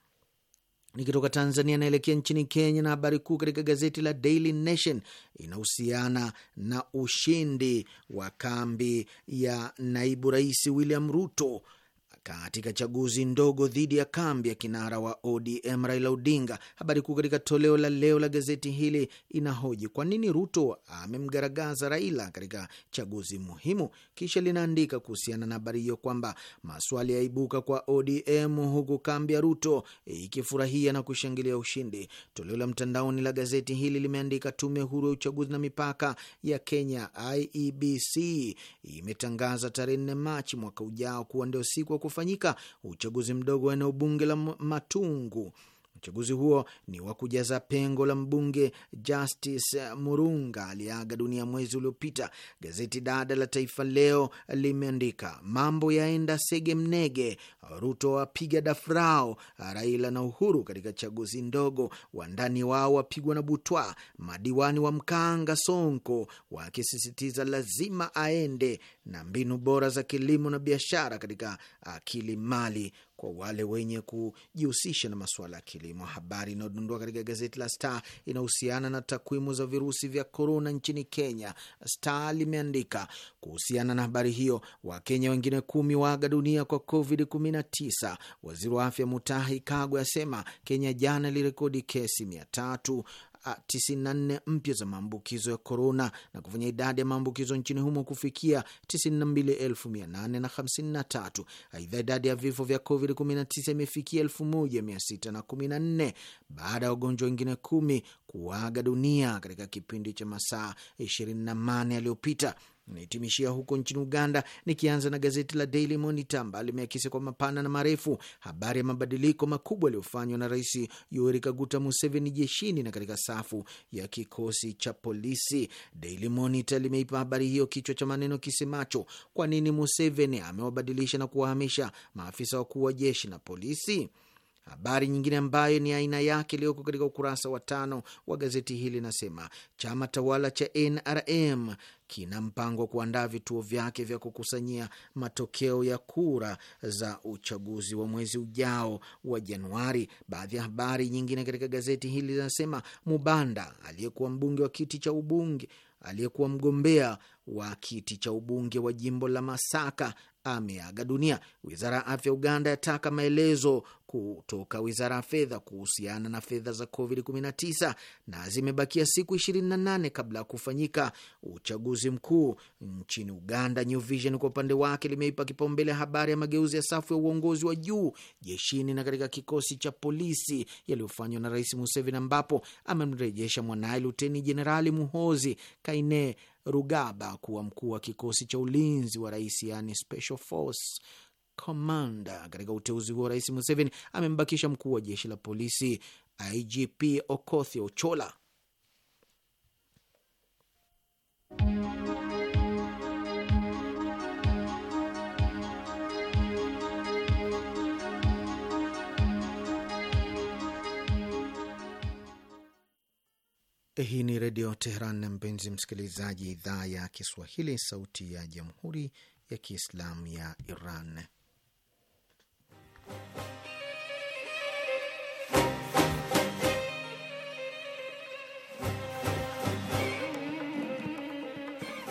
Nikitoka Tanzania naelekea nchini Kenya, na habari kuu katika gazeti la Daily Nation inahusiana na ushindi wa kambi ya naibu rais William Ruto katika chaguzi ndogo dhidi ya kambi ya kinara wa ODM Raila Odinga. Habari kuu katika toleo la leo la gazeti hili inahoji kwa nini Ruto amemgaragaza Raila katika chaguzi muhimu, kisha linaandika kuhusiana na habari hiyo kwamba maswali yaibuka kwa ODM huku kambi ya Ruto ikifurahia na kushangilia ushindi. Toleo la mtandaoni la gazeti hili limeandika tume huru ya uchaguzi na mipaka ya Kenya IEBC imetangaza tarehe 4 Machi mwaka ujao kuwa ndio siku uliofanyika uchaguzi mdogo wa eneo bunge la Matungu Uchaguzi huo ni wa kujaza pengo la mbunge Justice Murunga aliyeaga dunia mwezi uliopita. Gazeti dada la Taifa Leo limeandika mambo yaenda sege mnege, Ruto apiga dafrao Raila na Uhuru katika chaguzi ndogo, wandani wao wapigwa na butwa, madiwani wa mkanga Sonko wakisisitiza lazima aende, na mbinu bora za kilimo na biashara katika akili mali kwa wale wenye kujihusisha na masuala ya kilimo. Habari inayodundua katika gazeti la Star inahusiana na takwimu za virusi vya korona nchini Kenya. Star limeandika kuhusiana na habari hiyo, Wakenya wengine kumi waaga dunia kwa COVID-19. Waziri wa afya Mutahi Kagwe asema Kenya jana ilirekodi kesi mia tatu 94 mpya za maambukizo ya korona na kufanya idadi ya maambukizo nchini humo kufikia 92853. Aidha, idadi ya vifo vya COVID-19 imefikia 1614 baada ya wagonjwa wengine kumi kuaga dunia katika kipindi cha masaa 24 yaliyopita nahitimishia huko nchini Uganda, nikianza na gazeti la Daily Monitor ambalo limeakisi kwa mapana na marefu habari ya mabadiliko makubwa yaliyofanywa na Rais Yoweri Kaguta Museveni jeshini na katika safu ya kikosi cha polisi. Daily Monitor limeipa habari hiyo kichwa cha maneno kisemacho, kwa nini Museveni amewabadilisha na kuwahamisha maafisa wakuu wa jeshi na polisi? Habari nyingine ambayo ni aina yake iliyoko katika ukurasa wa tano wa gazeti hili inasema chama tawala cha NRM kina mpango wa kuandaa vituo vyake vya kukusanyia matokeo ya kura za uchaguzi wa mwezi ujao wa Januari. Baadhi ya habari nyingine katika gazeti hili zinasema Mubanda aliyekuwa mbunge wa kiti cha ubunge aliyekuwa mgombea wa kiti cha ubunge wa jimbo la Masaka ameaga dunia. Wizara ya afya Uganda yataka maelezo kutoka wizara ya fedha kuhusiana na fedha za COVID-19 na zimebakia siku 28 kabla ya kufanyika uchaguzi mkuu nchini Uganda. New Vision kwa upande wake limeipa kipaumbele habari ya mageuzi ya safu ya uongozi wa juu jeshini na katika kikosi cha polisi yaliyofanywa na Rais Museveni, ambapo amemrejesha mwanaye Luteni Jenerali Muhozi Kaine Rugaba kuwa mkuu wa kikosi cha ulinzi wa rais, yani special force Komanda. Katika uteuzi huo, Rais Museveni amembakisha mkuu wa jeshi la polisi IGP Okothi Ochola. Hii ni Redio Teheran na mpenzi msikilizaji, idhaa ya Kiswahili, sauti ya Jamhuri ya Kiislamu ya Iran.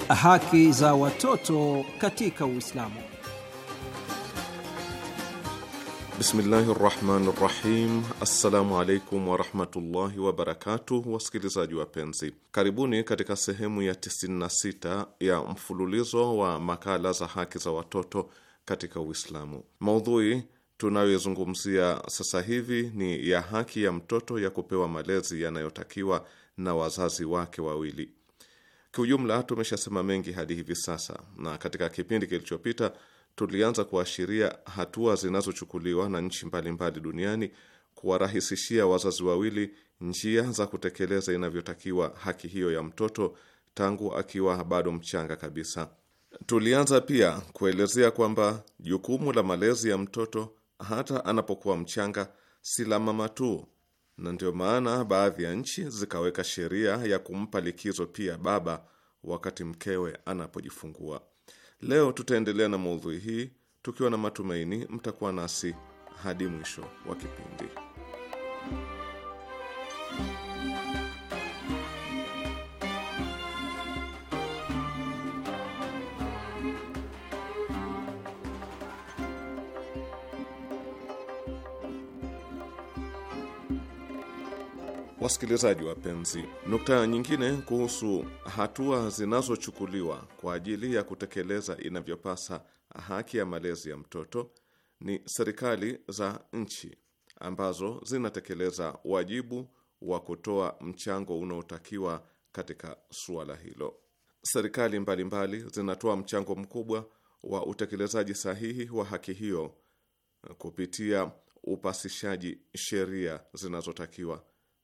Haki za watoto katika Uislamu. Bismillahi rahmani rahim. Assalamu alaikum warahmatullahi wabarakatuh. Wasikilizaji wapenzi, karibuni katika sehemu ya 96 ya mfululizo wa makala za haki za watoto katika Uislamu. Maudhui tunayoizungumzia sasa hivi ni ya haki ya mtoto ya kupewa malezi yanayotakiwa na wazazi wake wawili. Kiujumla, tumeshasema mengi hadi hivi sasa, na katika kipindi kilichopita tulianza kuashiria hatua zinazochukuliwa na nchi mbalimbali duniani kuwarahisishia wazazi wawili njia za kutekeleza inavyotakiwa haki hiyo ya mtoto tangu akiwa bado mchanga kabisa. Tulianza pia kuelezea kwamba jukumu la malezi ya mtoto hata anapokuwa mchanga si la mama tu, na ndio maana baadhi ya nchi zikaweka sheria ya kumpa likizo pia baba wakati mkewe anapojifungua. Leo tutaendelea na maudhui hii tukiwa na matumaini mtakuwa nasi hadi mwisho wa kipindi. Wasikilizaji wapenzi, nukta nyingine kuhusu hatua zinazochukuliwa kwa ajili ya kutekeleza inavyopasa haki ya malezi ya mtoto ni serikali za nchi ambazo zinatekeleza wajibu wa kutoa mchango unaotakiwa katika suala hilo. Serikali mbalimbali zinatoa mchango mkubwa wa utekelezaji sahihi wa haki hiyo kupitia upasishaji sheria zinazotakiwa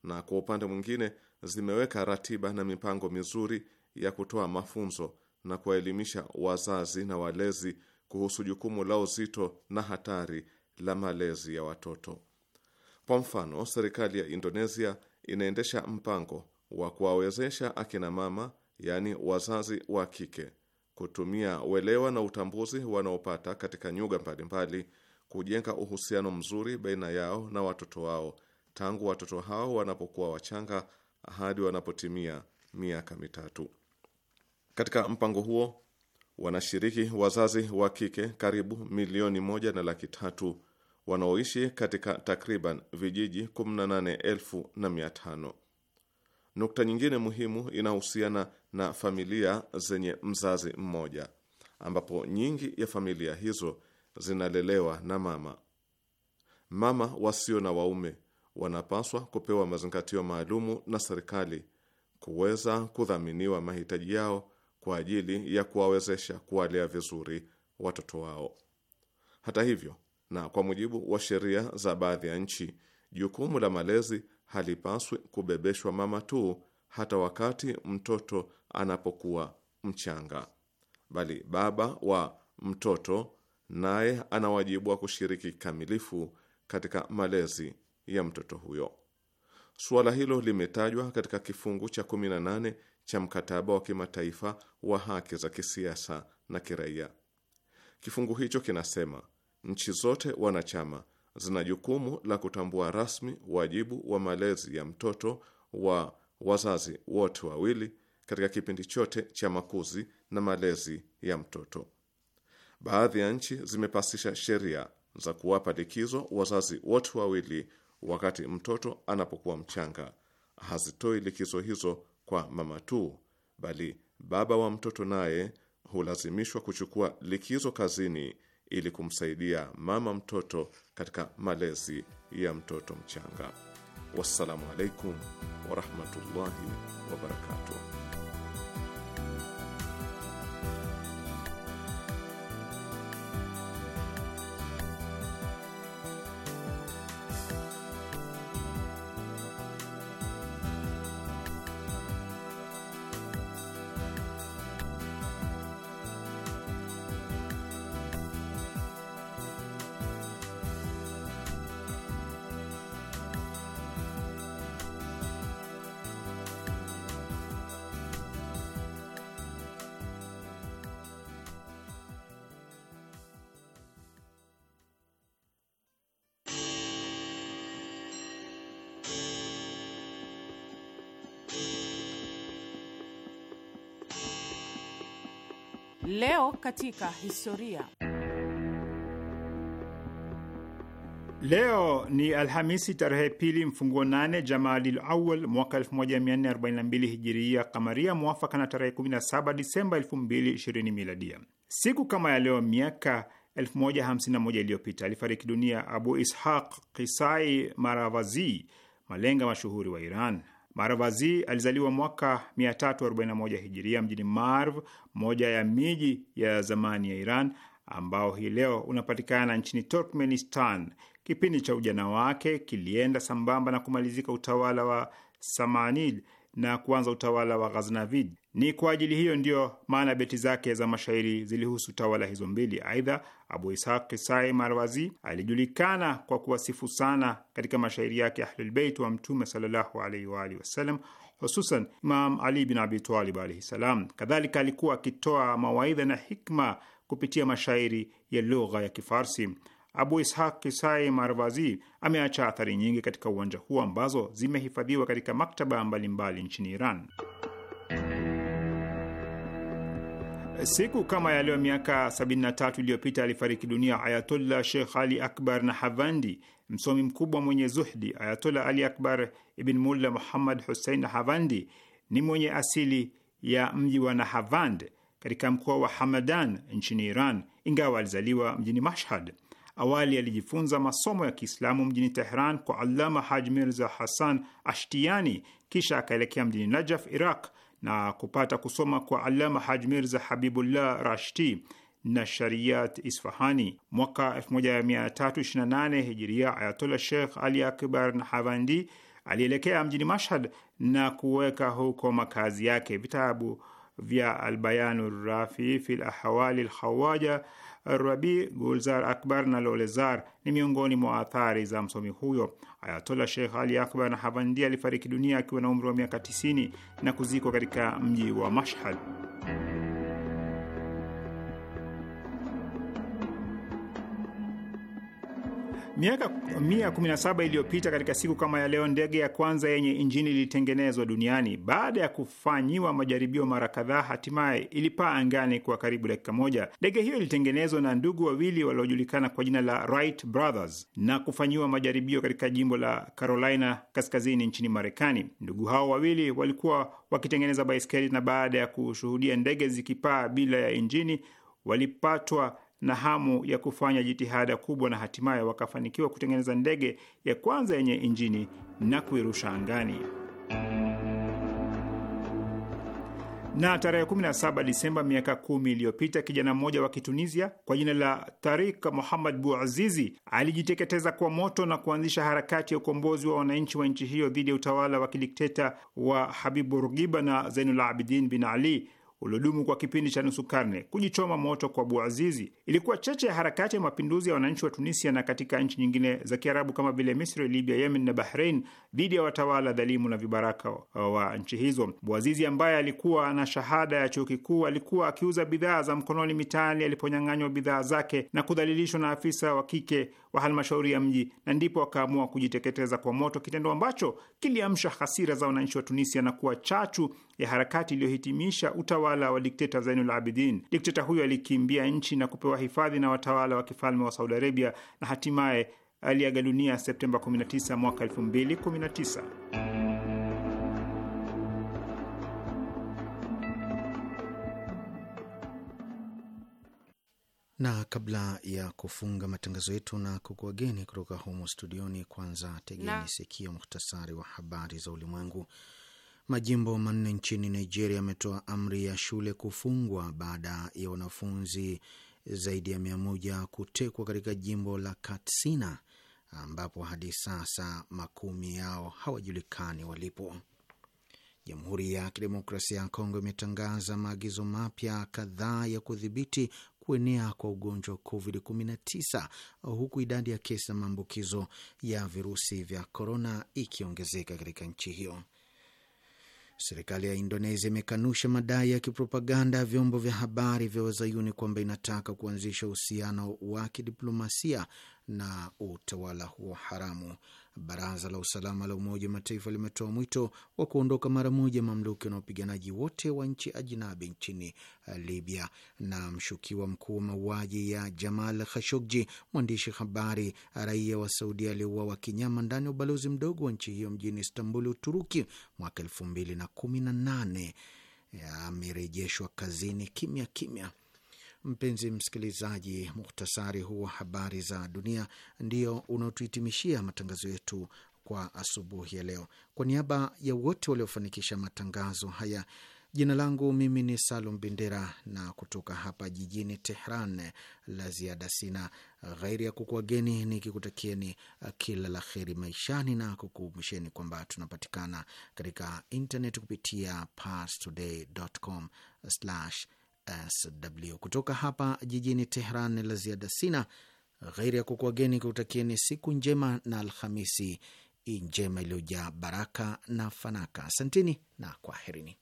na kwa upande mwingine zimeweka ratiba na mipango mizuri ya kutoa mafunzo na kuwaelimisha wazazi na walezi kuhusu jukumu la uzito na hatari la malezi ya watoto. Kwa mfano, serikali ya Indonesia inaendesha mpango wa kuwawezesha akina mama, yaani wazazi wa kike, kutumia uelewa na utambuzi wanaopata katika nyuga mbalimbali kujenga uhusiano mzuri baina yao na watoto wao tangu watoto hao wanapokuwa wachanga hadi wanapotimia miaka mitatu. Katika mpango huo wanashiriki wazazi wa kike karibu milioni moja na laki tatu wanaoishi katika takriban vijiji 18,500. Nukta nyingine muhimu inahusiana na familia zenye mzazi mmoja ambapo nyingi ya familia hizo zinalelewa na mama. Mama wasio na waume wanapaswa kupewa mazingatio maalumu na serikali kuweza kudhaminiwa mahitaji yao kwa ajili ya kuwawezesha kuwalea vizuri watoto wao. Hata hivyo, na kwa mujibu wa sheria za baadhi ya nchi, jukumu la malezi halipaswi kubebeshwa mama tu, hata wakati mtoto anapokuwa mchanga, bali baba wa mtoto naye ana wajibu wa kushiriki kikamilifu katika malezi ya mtoto huyo. Suala hilo limetajwa katika kifungu cha 18 cha mkataba wa kimataifa wa haki za kisiasa na kiraia. Kifungu hicho kinasema nchi zote wanachama zina jukumu la kutambua rasmi wajibu wa malezi ya mtoto wa wazazi wote wawili katika kipindi chote cha makuzi na malezi ya mtoto. Baadhi ya nchi zimepasisha sheria za kuwapa likizo wazazi wote wawili wakati mtoto anapokuwa mchanga, hazitoi likizo hizo kwa mama tu, bali baba wa mtoto naye hulazimishwa kuchukua likizo kazini ili kumsaidia mama mtoto katika malezi ya mtoto mchanga. Wassalamu alaikum warahmatullahi wabarakatuh. Leo katika historia. Leo ni Alhamisi tarehe pili mfunguo nane Jamadil Awal mwaka 1442 hijiria kamaria, mwafaka na tarehe 17 Disemba 2020 miladia. Siku kama ya leo miaka 1051 iliyopita alifariki dunia Abu Ishaq Kisai Maravazi, malenga mashuhuri wa Iran. Marvazi alizaliwa mwaka 341 hijiria mjini Marv, moja ya miji ya zamani ya Iran ambao hii leo unapatikana nchini Turkmenistan. Kipindi cha ujana wake kilienda sambamba na kumalizika utawala wa Samanid na kuanza utawala wa Ghaznavid. Ni kwa ajili hiyo ndiyo maana beti zake za mashairi zilihusu tawala hizo mbili. Aidha, Abu Ishaq Kisai Marwazi alijulikana kwa kuwasifu sana katika mashairi yake Ahlulbeit wa Mtume sallallahu alaihi wa alihi wasallam, hususan Imam Ali bin Abi Talib alaihi salam. Kadhalika alikuwa akitoa mawaidha na hikma kupitia mashairi ya lugha ya Kifarsi. Abu Ishaq Kisai Marvazi ameacha athari nyingi katika uwanja huo ambazo zimehifadhiwa katika maktaba mbalimbali mbali nchini Iran. Siku kama ya leo miaka 73 iliyopita alifariki dunia Ayatollah Sheikh Ali Akbar Nahavandi, msomi mkubwa mwenye zuhdi. Ayatollah Ali Akbar Ibn Mulla Muhammad Hussein Nahavandi ni mwenye asili ya mji wa Nahavand katika mkoa wa Hamadan nchini Iran, ingawa alizaliwa mjini Mashhad. Awali alijifunza masomo ya Kiislamu mjini Tehran kwa Allama Haj Mirza Hassan Ashtiani, kisha akaelekea mjini Najaf, Iraq, na kupata kusoma kwa Allama Haj Mirza Habibullah Rashti na Shariat Isfahani. Mwaka 1328 Hijiria, Ayatola Sheikh Ali Akbar Nahavandi alielekea mjini Mashhad na kuweka huko makazi yake. Vitabu vya Albayanu Rafi fi Lahawali Lhawaja Rabi Gulzar Akbar na Lolezar ni miongoni mwa athari za msomi huyo. Ayatola Sheikh Ali Akbar Nahavandi alifariki dunia akiwa na umri wa miaka 90 na kuzikwa katika mji wa Mashhad. Miaka 117 iliyopita katika siku kama ya leo, ndege ya kwanza yenye injini ilitengenezwa duniani. Baada ya kufanyiwa majaribio mara kadhaa, hatimaye ilipaa angani kwa karibu dakika moja. Ndege hiyo ilitengenezwa na ndugu wawili waliojulikana kwa jina la Wright Brothers na kufanyiwa majaribio katika jimbo la Carolina Kaskazini nchini Marekani. Ndugu hao wawili walikuwa wakitengeneza baiskeli, na baada ya kushuhudia ndege zikipaa bila ya injini walipatwa na hamu ya kufanya jitihada kubwa na hatimaye wakafanikiwa kutengeneza ndege ya kwanza yenye injini na kuirusha angani. Na tarehe 17 Disemba miaka kumi iliyopita kijana mmoja wa Kitunisia kwa jina la Tarik Muhammad azizi alijiteketeza kwa moto na kuanzisha harakati ya ukombozi wa wananchi wa nchi hiyo dhidi ya utawala wa kidikteta wa Rugiba na Zainul Abidin bin Ali uliodumu kwa kipindi cha nusu karne. Kujichoma moto kwa Buazizi ilikuwa cheche ya harakati ya mapinduzi ya wananchi wa Tunisia na katika nchi nyingine za Kiarabu kama vile Misri, Libya, Yemen na bahrein dhidi ya watawala dhalimu na vibaraka wa nchi hizo. Bwazizi ambaye alikuwa na shahada ya chuo kikuu alikuwa akiuza bidhaa za mkononi mitaani aliponyang'anywa bidhaa zake na kudhalilishwa na afisa wa kike wa halmashauri ya mji, na ndipo akaamua kujiteketeza kwa moto, kitendo ambacho kiliamsha hasira za wananchi wa Tunisia na kuwa chachu ya harakati iliyohitimisha utawala wa dikteta Zainul Abidin. Dikteta huyo alikimbia nchi na kupewa hifadhi na watawala wa kifalme wa Saudi Arabia na hatimaye aliaga dunia Septemba 19 mwaka 2019. Na kabla ya kufunga matangazo yetu na kukuageni kutoka humo studioni, kwanza tegeni sikio muhtasari wa habari za ulimwengu. Majimbo manne nchini Nigeria yametoa amri ya shule kufungwa baada ya wanafunzi zaidi ya mia moja kutekwa katika jimbo la Katsina ambapo hadi sasa makumi yao hawajulikani walipo. Jamhuri ya Kidemokrasia ya Kongo imetangaza maagizo mapya kadhaa ya kudhibiti kuenea kwa ugonjwa wa COVID-19 huku idadi ya kesi za maambukizo ya virusi vya korona ikiongezeka katika nchi hiyo. Serikali ya Indonesia imekanusha madai ya kipropaganda ya vyombo vya habari vya wazayuni kwamba inataka kuanzisha uhusiano wa kidiplomasia na utawala huo haramu. Baraza la usalama la Umoja wa Mataifa limetoa mwito wa kuondoka mara moja mamluki na wapiganaji wote wa nchi ajinabi nchini eh, Libya. Na mshukiwa mkuu wa mauaji ya Jamal Khashoggi, mwandishi habari raia wa Saudia aliyeuawa kinyama ndani ya ubalozi mdogo wa nchi hiyo mjini Istanbul, Uturuki, mwaka elfu mbili na kumi na nane amerejeshwa kazini kimya kimya. Mpenzi msikilizaji, muhtasari huu wa habari za dunia ndio unaotuhitimishia matangazo yetu kwa asubuhi ya leo. Kwa niaba ya wote waliofanikisha matangazo haya, jina langu mimi ni Salum Bendera, na kutoka hapa jijini Tehran la ziada sina ghairi ya kukuageni nikikutakieni kila la kheri maishani na kukumbusheni kwamba tunapatikana katika intnet kupitia parstoday.com sw. Kutoka hapa jijini Tehran la ziada sina ghairi ya kukuageni kutakieni siku njema na Alhamisi njema iliyojaa baraka na fanaka. Asanteni na kwaherini.